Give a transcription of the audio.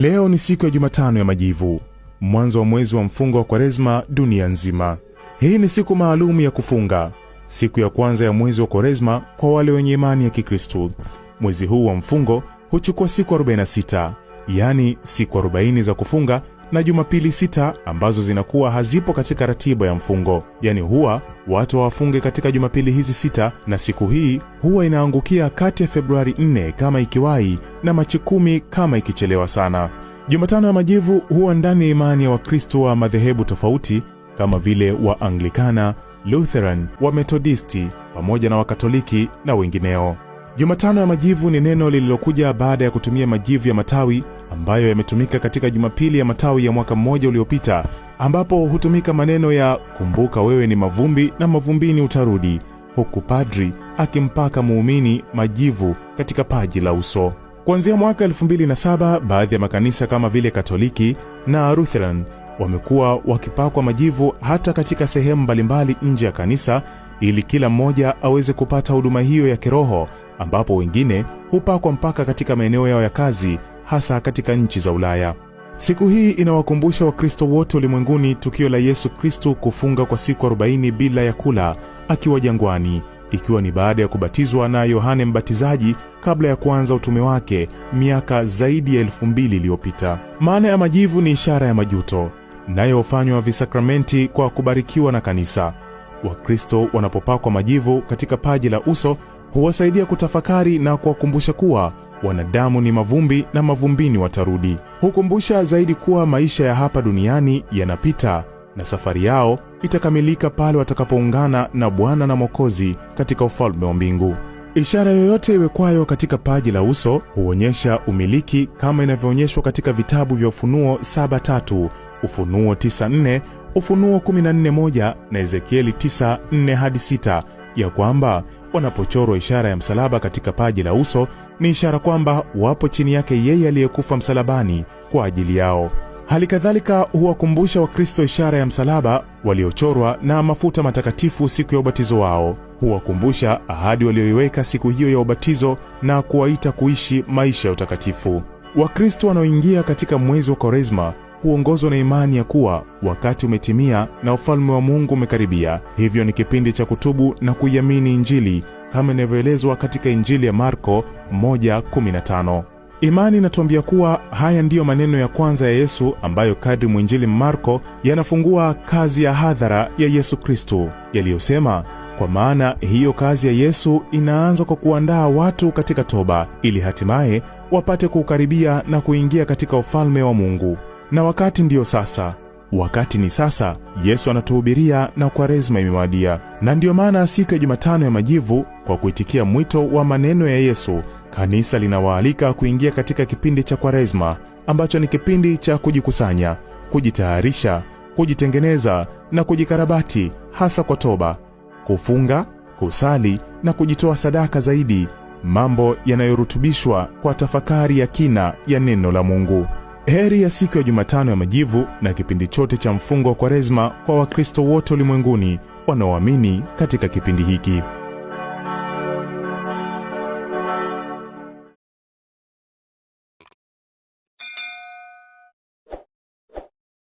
Leo ni siku ya Jumatano ya Majivu, mwanzo wa mwezi wa mfungo wa Kwaresma dunia nzima. Hii ni siku maalum ya kufunga, siku ya kwanza ya mwezi wa Kwaresma kwa wale wenye imani ya Kikristo. Mwezi huu wa mfungo huchukua siku 46, yaani siku 40 za kufunga na Jumapili sita ambazo zinakuwa hazipo katika ratiba ya mfungo, yaani huwa watu wafunge katika Jumapili hizi sita, na siku hii huwa inaangukia kati ya Februari 4 kama ikiwai na Machi kumi kama ikichelewa sana. Jumatano ya Majivu huwa ndani ya imani ya Wakristo wa madhehebu tofauti kama vile Waanglikana, Lutheran, Wamethodisti pamoja na Wakatoliki na wengineo. Jumatano ya Majivu ni neno lililokuja baada ya kutumia majivu ya matawi ambayo yametumika katika Jumapili ya matawi ya mwaka mmoja uliopita, ambapo hutumika maneno ya kumbuka wewe ni mavumbi na mavumbini utarudi, huku padri akimpaka muumini majivu katika paji la uso. Kuanzia mwaka 2007 baadhi ya makanisa kama vile Katoliki na Lutheran wamekuwa wakipakwa majivu hata katika sehemu mbalimbali nje ya kanisa ili kila mmoja aweze kupata huduma hiyo ya kiroho, ambapo wengine hupakwa mpaka katika maeneo yao ya kazi hasa katika nchi za Ulaya. Siku hii inawakumbusha Wakristo wote ulimwenguni tukio la Yesu Kristo kufunga kwa siku 40 bila ya kula akiwa jangwani, ikiwa ni baada ya kubatizwa na Yohane Mbatizaji kabla ya kuanza utume wake miaka zaidi ya elfu mbili iliyopita. Maana ya majivu ni ishara ya majuto, nayo hufanywa visakramenti kwa kubarikiwa na Kanisa. Wakristo wanapopakwa majivu katika paji la uso huwasaidia kutafakari na kuwakumbusha kuwa Wanadamu ni mavumbi na mavumbini watarudi. Hukumbusha zaidi kuwa maisha ya hapa duniani yanapita na safari yao itakamilika pale watakapoungana na Bwana na Mwokozi katika ufalme wa mbingu. Ishara yoyote iwekwayo katika paji la uso huonyesha umiliki kama inavyoonyeshwa katika vitabu vya Ufunuo 7:3, Ufunuo 9:4, Ufunuo 14:1 na Ezekieli 9:4 hadi 6 ya kwamba wanapochorwa ishara ya msalaba katika paji la uso ni ishara kwamba wapo chini yake yeye aliyekufa msalabani kwa ajili yao. Hali kadhalika huwakumbusha Wakristo ishara ya msalaba waliochorwa na mafuta matakatifu siku ya ubatizo wao. Huwakumbusha ahadi walioiweka siku hiyo ya ubatizo na kuwaita kuishi maisha ya utakatifu. Wakristo wanaoingia katika mwezi wa Kwaresma huongozwa na imani ya kuwa wakati umetimia na ufalme wa Mungu umekaribia. Hivyo ni kipindi cha kutubu na kuiamini Injili kama inavyoelezwa katika Injili ya Marko 1:15. Imani inatuambia kuwa haya ndiyo maneno ya kwanza ya Yesu ambayo kadri mwinjili Marko yanafungua kazi ya hadhara ya Yesu Kristo yaliyosema, kwa maana hiyo kazi ya Yesu inaanza kwa kuandaa watu katika toba ili hatimaye wapate kuukaribia na kuingia katika ufalme wa Mungu na wakati ndiyo sasa. Wakati ni sasa, Yesu anatuhubiria na Kwaresma imewadia, na ndiyo maana siku ya Jumatano ya Majivu, kwa kuitikia mwito wa maneno ya Yesu, kanisa linawaalika kuingia katika kipindi cha Kwaresma ambacho ni kipindi cha kujikusanya, kujitayarisha, kujitengeneza na kujikarabati, hasa kwa toba, kufunga, kusali na kujitoa sadaka zaidi, mambo yanayorutubishwa kwa tafakari ya kina ya neno la Mungu. Heri ya siku ya Jumatano ya Majivu na kipindi chote cha mfungo wa Kwaresma kwa Wakristo wote ulimwenguni wanaoamini katika kipindi hiki.